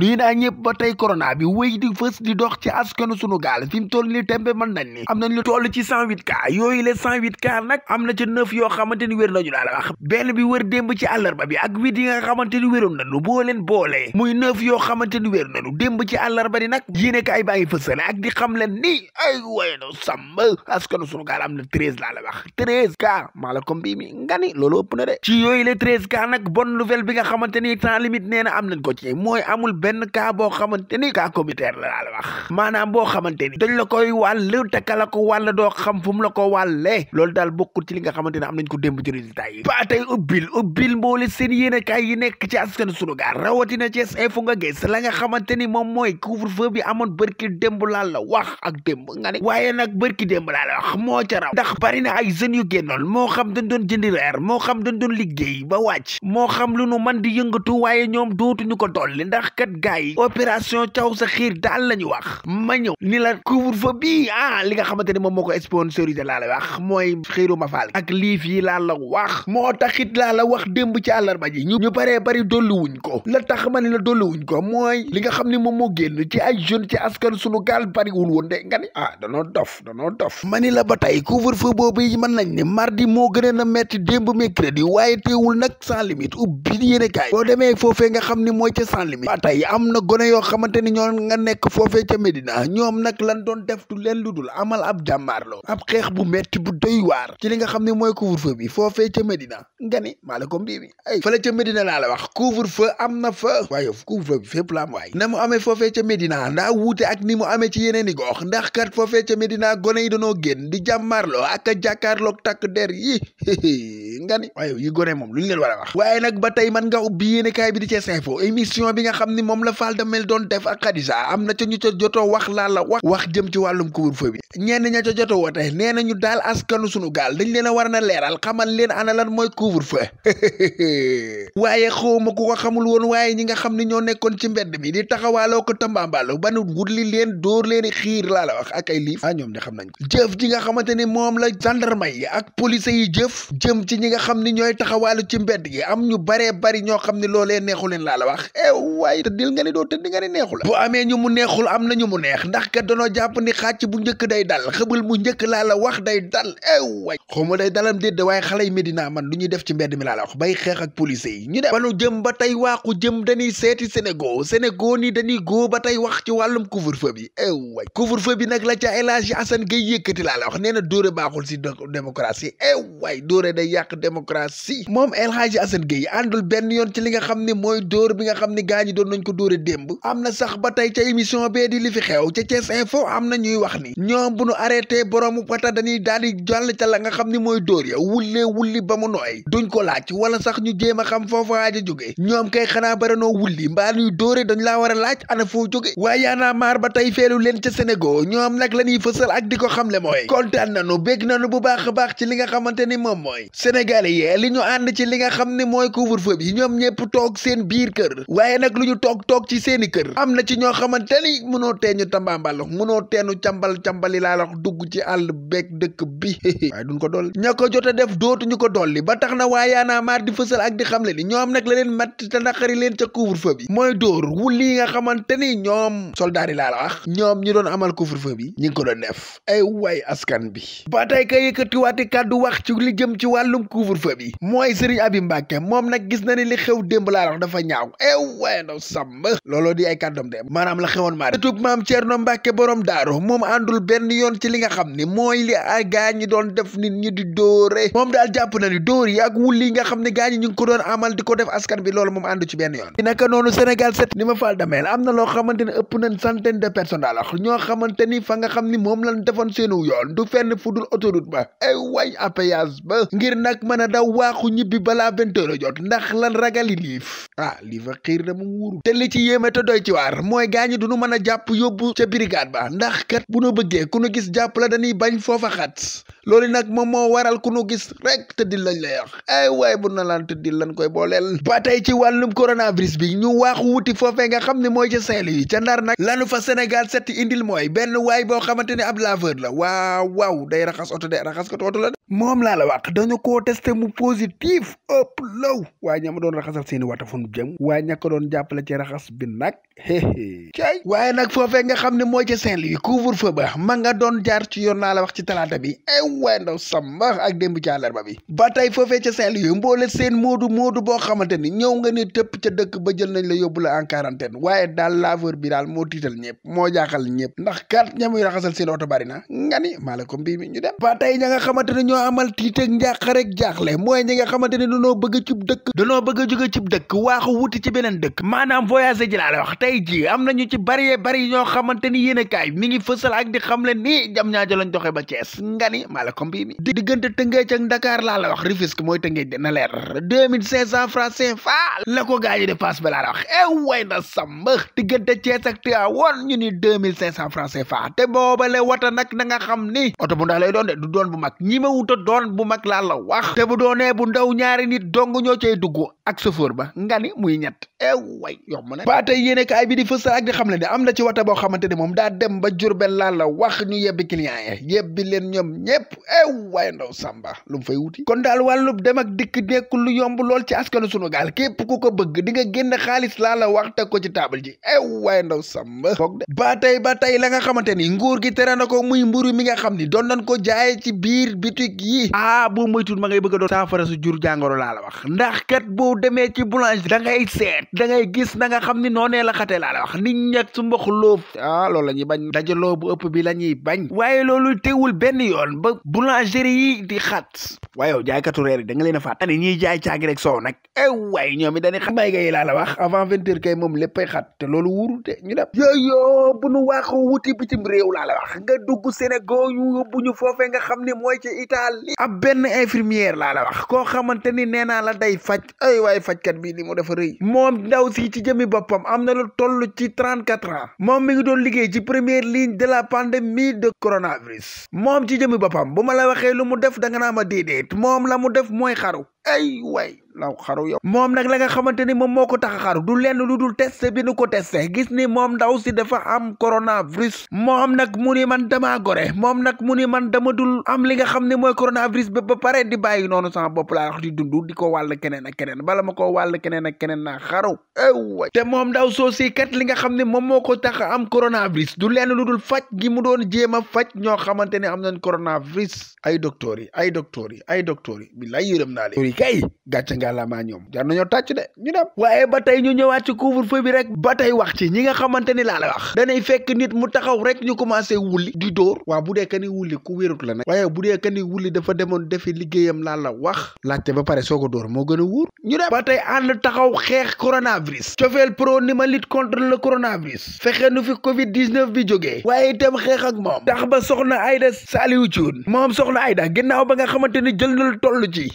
nii naa ñëpp ba tey corona bi wéy di fës di dox ci askanu sunu gaal fi mu toll ni tembe mën nañ ni am nañ lu toll ci cent huit cas yooyu le cent huit cas nag am na ci neuf yoo xamante ni wér nañu daal wax benn bi wér démb ci àllarba bi ak huit yi nga xamante ni wéroon nañu boo leen boolee muy baa ngi fësale ak di xam leen ni ay wayno sàmm askanu sunu gaal am na treize laa la wax treize cas maa la comme bii mi nga ni loolu na de ci yooyu le treize cas nag bonne nouvelle bi nga xamante ni temps limite nee na am nañ ko benn cas boo xamante ni cas communautaire la la maanaam boo xamante ni dañ la koy wàll te kala ko wàll doo xam fu mu la ko wàllee loolu daal bokkul ci li nga xamante ne am nañ ko démb ci résultat yi ba tey ubbil ubbil mboole seen yéene yi nekk ci askan sunu gaar rawatina ci info nga gis la nga xamante ni moom mooy couvre-feu bi amoon bërki démb laa la wax ak démb nga ne waaye nag bërki demb laa la wax moo ca raw ndax bari na ay jeunes yu génnoon moo xam dañ doon jëndi reer moo xam dañ doon liggéey ba wàcc moo xam lu nu man di yëngatu waaye ñoom dootuñu ko dolli ndax kat gaay yi opération sa xiir daal la ñu wax ma ñëw ni la couvre-feu bii ah li nga xamante ni moom moo ko sponsorisé laa la wax mooy xiiru ma faal ak liif yi laa la wax moo taxit laa la wax démb ci àllarba ji ñu baree bari dolli wuñ ko la tax ma ne la dolli wuñ ko mooy li nga xam ne moom moo génn ci ay jeune ci askan sunu gaal bariwul woon de nga ni ah danoo dof danoo dof ma ni la ba tey couvre-feu boobu yi mën nañ ne mardi moo gën a metti démb mercredi waaye teewul nag sans limite ubbi yéene kaay boo demee foofee nga ne mooy ca sans yi am na gone yoo xamante ni ñoo nga nekk foofee ca Medina ñoom nag lan doon def du leen lu dul amal ab jàmmaarloo ab xeex bu metti bu doy waar ci li nga xam ne mooy couvre-feu bi foofee ca Medina nga ni maa la ko mbii bi ay fële ca Medina laa la wax couvre-feu am na fa waaye couvre-feu bi fépp la am waay na mu amee foofee ca Medina ndaa wuute ak ni mu amee ci yeneen i gox ndax kat foofee ca Medina gone yi dañoo génn di jàmmaarloo ak a jàkkaarloog takk der yi nga ni waaye yi gone moom lu ñu a moom la Fall Damel doon def ak Khadija am na ca ñu ca jotoo wax laala la wax wax jëm ci wàllum couvre-feu bi ñenn ña ca joto woote nee na ñu daal askanu sunu gaal dañ leen a war a leeral xamal leen ana lan mooy couvre-feu waaye xawma xamul woon waaye ñi nga xam ne ñoo nekkoon ci mbedd mi di taxawaaloo ko tambaambaaloo ba nu wutli leen dóor leen xiir laala wax ak ay liif ah ñoom de xam nañ ko jëf ji nga xamante ni moom la gendarme yi ak police yi jëf jëm ci ñi nga xam ni ñooy taxawaalu ci mbedd gi am ñu baree bari ñoo xam ne loolee neexu leen laa la wax eh, tëddil nga ni doo tëdd nga ni neexu la bu amee ñu mu neexul am nañu mu neex ndax kat danoo jàpp ni xàcc bu njëkk day dal xëbal bu njëkk laa la wax day dal ew eh way xawma day dalam déedéet waaye xale yi Medina lu ñuy def ci mbedd mi la wax bay xeex ak police yi ñu def banu jëm ba tey waaxu jëm dañuy seeti Sénégal Sénégal ni dañuy góo ba tey wax ci wàllum couvre-feu bi ew eh way couvre-feu bi nag la ca El Hadji Assane Gueye yëkkati laa la wax nee na dóore baaxul si démocratie ew eh way dóore day yàq démocratie moom El Hadji Assane Gueye àndul benn yoon ci li nga xam ne mooy dóor bi nga xam ne gaa ñi doon nañ ko dóore démb am na sax ba tey ca émission bee di li fi xew ca Thiès Info am na ñuy wax ni ñoom bu ñu arrêté boroomu pata dañuy daal di jàll ca la nga xam ni mooy dóor ya wullee wulli ba mu nooy duñ ko laaj wala sax ñu jéem a xam foofu aja jóge ñoom kay xanaa bare noo wulli mbaa ñuy dóore dañ laa war a laaj ana foo jóge waaye yaanaa maar ba tey feelu leen ca Sénégal ñoom nag la ñuy fësal ak di ko xamle mooy kontaan nanu bégg nanu bu baax baax ci li nga xamante ni moom mooy sénégalais yi li ñu ànd ci li nga xam ne mooy couvre-feu bi ñoom ñëpp toog seen biir kër waaye nag lu toog toog ci seeni kër am na ci ñoo xamante ni mënoo teeñu tambaambal mënoo teenu cambal cambali laa la wax dugg ci àll beeg dëkk bi waaye duñ ko dolli ña ko jot def dootuñu ko dolli ba tax na waa yaanaa maar di fësal ak di xamle ni ñoom nag la leen matt te naqari leen ca couvre-feu bi mooy dóor wu lii nga xamante ni ñoom soldaar laa la wax ñoom ñi doon amal couvre-feu bi ñi ngi ko doon def ay waay askan bi ba tey ka yëkkatiwaati kàddu wax ci li jëm ci wàllum couvre-feu bi mooy Serigne Abi Mbacke moom nag gis na ni li xew démb laa la wax dafa ñaaw ay Bamba looloo di ay kàddoom de maanaam la xewoon maa ëtub maam Thierno Mbacke borom daaru moom àndul benn yoon ci li nga xam ni mooy li ay gaa ñi doon def nit ñi di dóore moom daal jàpp na ni dóor yi ak wulli li nga xam ne gaa ñi ñu ngi ko doon amal di ko def askan bi loolu moom àndu ci benn yoon naka noonu Sénégal set ni ma faal dameel am na loo xamante ne ëpp nañ centaine de personnes daal ñoo xamante fa nga xam ni moom lañ defoon seenu yoon du fenn fu dul autoroute ba ay wañ ba ngir nag mën a daw waaxu ñibbi balaa vingt heures jot ndax lan ragali liif ah lii fa li ci yéeme te doy ci waar mooy gaañi du nu mën a jàpp yóbbu ca brigade ba ndax kat bu nu bëggee ku nu gis jàpp la dañuy bañ foofa xat loolu nag moom moo waral ku nu gis rek tëddil lañ lay wax waaye bu na laan tëddil lan koy booleel ba tey ci wàllum coronavirus bi ñu waax wuti foofee nga xam ne mooy ca Saint-Louis ca Ndar nag lanu fa Sénégal set indil mooy benn waay boo xamante ne ab laveur la waaw waaw day raxas de raxas ko oto la moom laa la wax dañu koo testé mu positif ëpp law waaye ñama doon raxasal seeni wata fu nu jëm waaye ña doon jàppale ci raxas bi nag héhé waaye nag foofee nga xam ne mooy ca Saint-Louis couvre-feu nga doon jaar ci yoon naa la wax ci talaata bi waay ndaw samba ak démb ci àllarba bi ba tey foofee ca Saint-Louis mboole seen moodu moodu boo xamante ni ñëw nga ne tëpp ca dëkk ba jël nañ la yóbbu la en quarantaine waaye daal laveur bi daal moo tiital ñëpp moo jaaxal ñëpp ndax kat ñamuy raxasal seen oto bari na nga ni maa la ko mbii mi ñu dem ba tey ña nga xamante ne ñoo amal tiit ak njàq rek jaaxle mooy ñi nga xamante ne danoo bëgg a cib dëkk danoo bëgg a jóge cib dëkk waaxu wuti ci beneen dëkk maanaam voyagé ji laa wax tey ji am nañu ci bari bari ñoo xamante ni yéen a mi ngi fësal ak di xam le ni jam ñaajo lañ doxee ba Cees nga la ko mbii mi diggante tëngeej ak Dakar laa la wax Rufisque mooy tëngeej dina leer deux mille cinq cent francs CFA la ko gaañu di passe ba laa wax e na samba diggante Thiès ak Tivaouane ñu ni deux mille cinq cent francs CFA te boobale wata nag na nga xam ni oto bu ndaw lay doon de du doon bu mag ñi ma doon bu mag laa la wax te bu doonee bu ndaw ñaari nit dong ñoo cee dugg ak chauffeur ba nga ni muy ñett e way yomb na ba bi xam le ne am na ci wata boo xamante ni moom daa dem ba Jurbel laa la wax ñu yebbi client yi ñoom ñëpp ew eh, waaye ndaw samba lu mu fay wuti kon daal wàllub dem ak dikk nekkul lu yomb lool ci askanu sunu gaal képp ku ko bëgg di nga génn xaalis laa la wax teg ko ci taabal ji ew eh, waaye ndaw samba foog de ba tey ba tey la nga xamante ni nguur gi tere na ko muy mburu mi nga xam ni doon nañ ko jaaye ci biir bitig yi ah boo moytul ma ngay bëgg a doon saafara su jur jàngoro laa la wax ndax kat boo demee ci boulangerie da ngay seet da ngay gis na nga xam ni noonee la xatee laa la wax nit ñag su mbox ah, la ñuy bañ dajaloo bu ëpp bi la ñuy bañ bu boulangerie yi di xat waaye yow jaaykatu reer yi leen a fàttali ñuy jaay caagi rek soow nag eh waaye ñoom it dañuy xam may ngay laa la wax avant vingt heures kay moom léppay xat te loolu wóorul te ñu dem yooyo bu nu wax wuti bitim réew laa la wax nga dugg Sénégal ñu yóbbu ñu foofee nga xam ne mooy ci Italie ab benn infirmière laa la wax koo xamante ni nee naa la day faj ay waaye fajkat bi ni mu dafa rëy moom ndaw si ci jëmi boppam am na lu toll ci trente quatre ans moom mi ngi doon liggéey ci première ligne de la pandémie de coronavirus moom ci jëmi boppam bu ma la waxee lu mu def da nga naa ma déedéet moom la mu def mooy xaru ay way law xaru yow moom nag la nga xamante ni moom moo ko tax a xaru du lenn lu dul teste bi nu ko testé gis ni moom ndaw si dafa am coronavirus moom nag mu man damaa gore moom nag mu ni man dama am li nga xam ne mooy coronavirus ba ba pare di bàyyi noonu sama bopp laa di dund di ko keneen ak keneen bala ma ko wàll keneen ak keneen naa xaru ay moom ndaw soo si kat li nga xam ne moom moo ko tax a am coronavirus du lenn lu dul faj gi mu doon jéem a faj ñoo xamante ne am nañ coronavirus ay docteurs yi ay docteurs yi ay docteurs yi bi lay yërëm naa leen kay gàcce ma ñoom jar nañoo tàcc de ñu dem waaye ba tey ñu ñëwaat ci couvre-feu bi rek ba tey wax ci ñi nga xamante ni laa la wax danay fekk nit mu taxaw rek ñu commencé wulli di dóor waa bu dee ka ni wulli ku wérut la nag waaye bu dee ka ni wulli dafa demoon defi liggéeyam laa la wax laajte ba pare soo ko dóor moo gën a wóor ñu dem ba tey ànd taxaw xeex coronavirus cofeel pro ni ma lutte contre le coronavirus fexe nu fi covid 19 bi jógee waaye itam xeex ak moom tax ba soxna Aïda Saliou Thioune moom soxna Aïda ginnaaw ba nga xamante ni jël na lu toll ci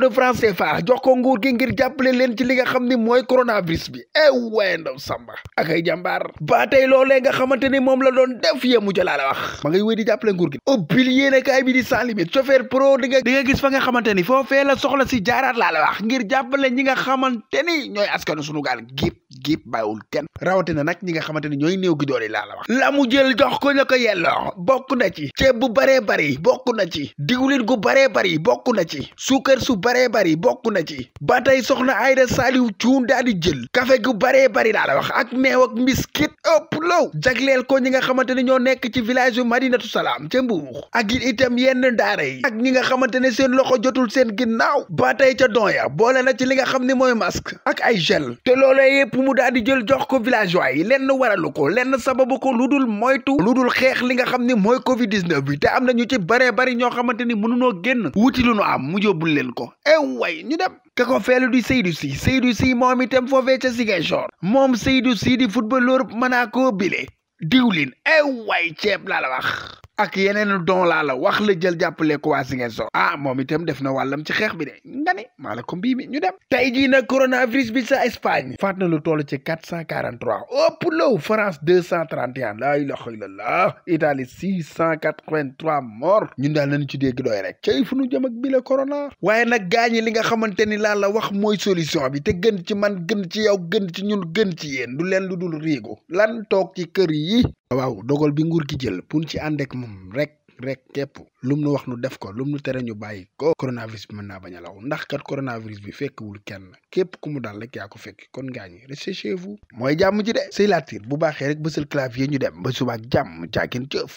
de francs fa jox ko nguur gi ngir jàppale leen ci li nga xam ni mooy coronavirus bi e eh waye samba ak ay jàmbaar ba tey loolee nga xamante ni moom la doon def yemu jëlaa la wax ma nga wéy di jàppale nguur gi ubbil yéene kaay bi di sans limite chauffeur pro di nga di nga gis fa nga xamante ni foofee la soxla si jaaraat laa la wax ngir jàppale ñi nga xamante ni ñooy askanu sunu gaal gépp gépp bàyyiwul kenn rawatina nag ñi nga xamante ne ñooy néew gi doole laa la wax la mu jël jox ko ña ko yelloo bokk na ci ceeb bu baree bari bokk na ci diwlin gu baree bari bokk na ci suukar su baree bari bokk na ci ba tey soxna Ayda Saliou Thioune daal di jël kafe gu baree bari laa la wax ak meew ak mbiskit ëpp law jagleel ko ñi nga xamante ne ñoo nekk ci village yu Madinatu Salaam ca Mbuur ak itam yenn daara yi ak ñi nga xamante ne seen loxo jotul seen ginnaaw ba tey ca donya boole na ci li nga xam ne mooy masque ak ay gel mu daal di jël jox ko villageois yi lenn waralu ko lenn sababu ko lu dul moytu lu dul xeex li nga xam ne mooy covid 19 bi te am na ñu ci baree bari ñoo xamante ni mënunoo génn wuti lu nu am mu yóbbul leen ko ew eh ñu dem ka ko feelu di Seydou si Seydou si moom itam foofee ca Ziguinchor moom Seydou Sy di footballeur ko bile diwlin ew eh way ceeb laa la wax ak yeneen don laa la wax la jël jàppale ko waa ah moom itam def na wàllam ci xeex bi de nga ne maa la ko mbii ñu dem tey jii nag coronavirus bi sa Espagne faat na lu toll ci quatre cent quarante trois ëpp low France deux cent trente et un laa ilaha illallah Italie six cent quatre vingt trois morts ñun daal nañu ci dégg doy rek cay fu nu jëm ak bi la corona waaye nag gaañi li nga xamante ni laa la wax mooy solution bi te gën ci man gën ci yow gën ci ñun gën ci yéen du leen lu dul riigu lan toog yi waaw dogal bi nguur gi jël pour ci àndeek moom rek rek képp lum nu wax nu def ko lum nu tere ñu bàyyi ko coronavirus bi mën naa bañ a law ndax kat coronavirus bi fekk wul kenn képp ku mu daal lekk yaa ko fekk kon ngaa ñi restez chez mooy jàmm ji de sëy laatiir bu baaxee rek bësal clavier ñu dem ba subaak jàmm jaakin jëf